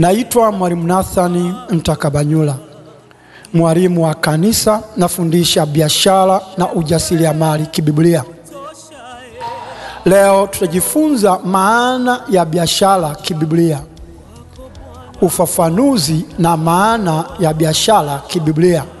Naitwa Mwalimu Nathani Mtakabanyula, mwalimu wa kanisa, nafundisha biashara na ujasiriamali kibiblia. Leo tutajifunza maana ya biashara kibiblia, ufafanuzi na maana ya biashara kibiblia.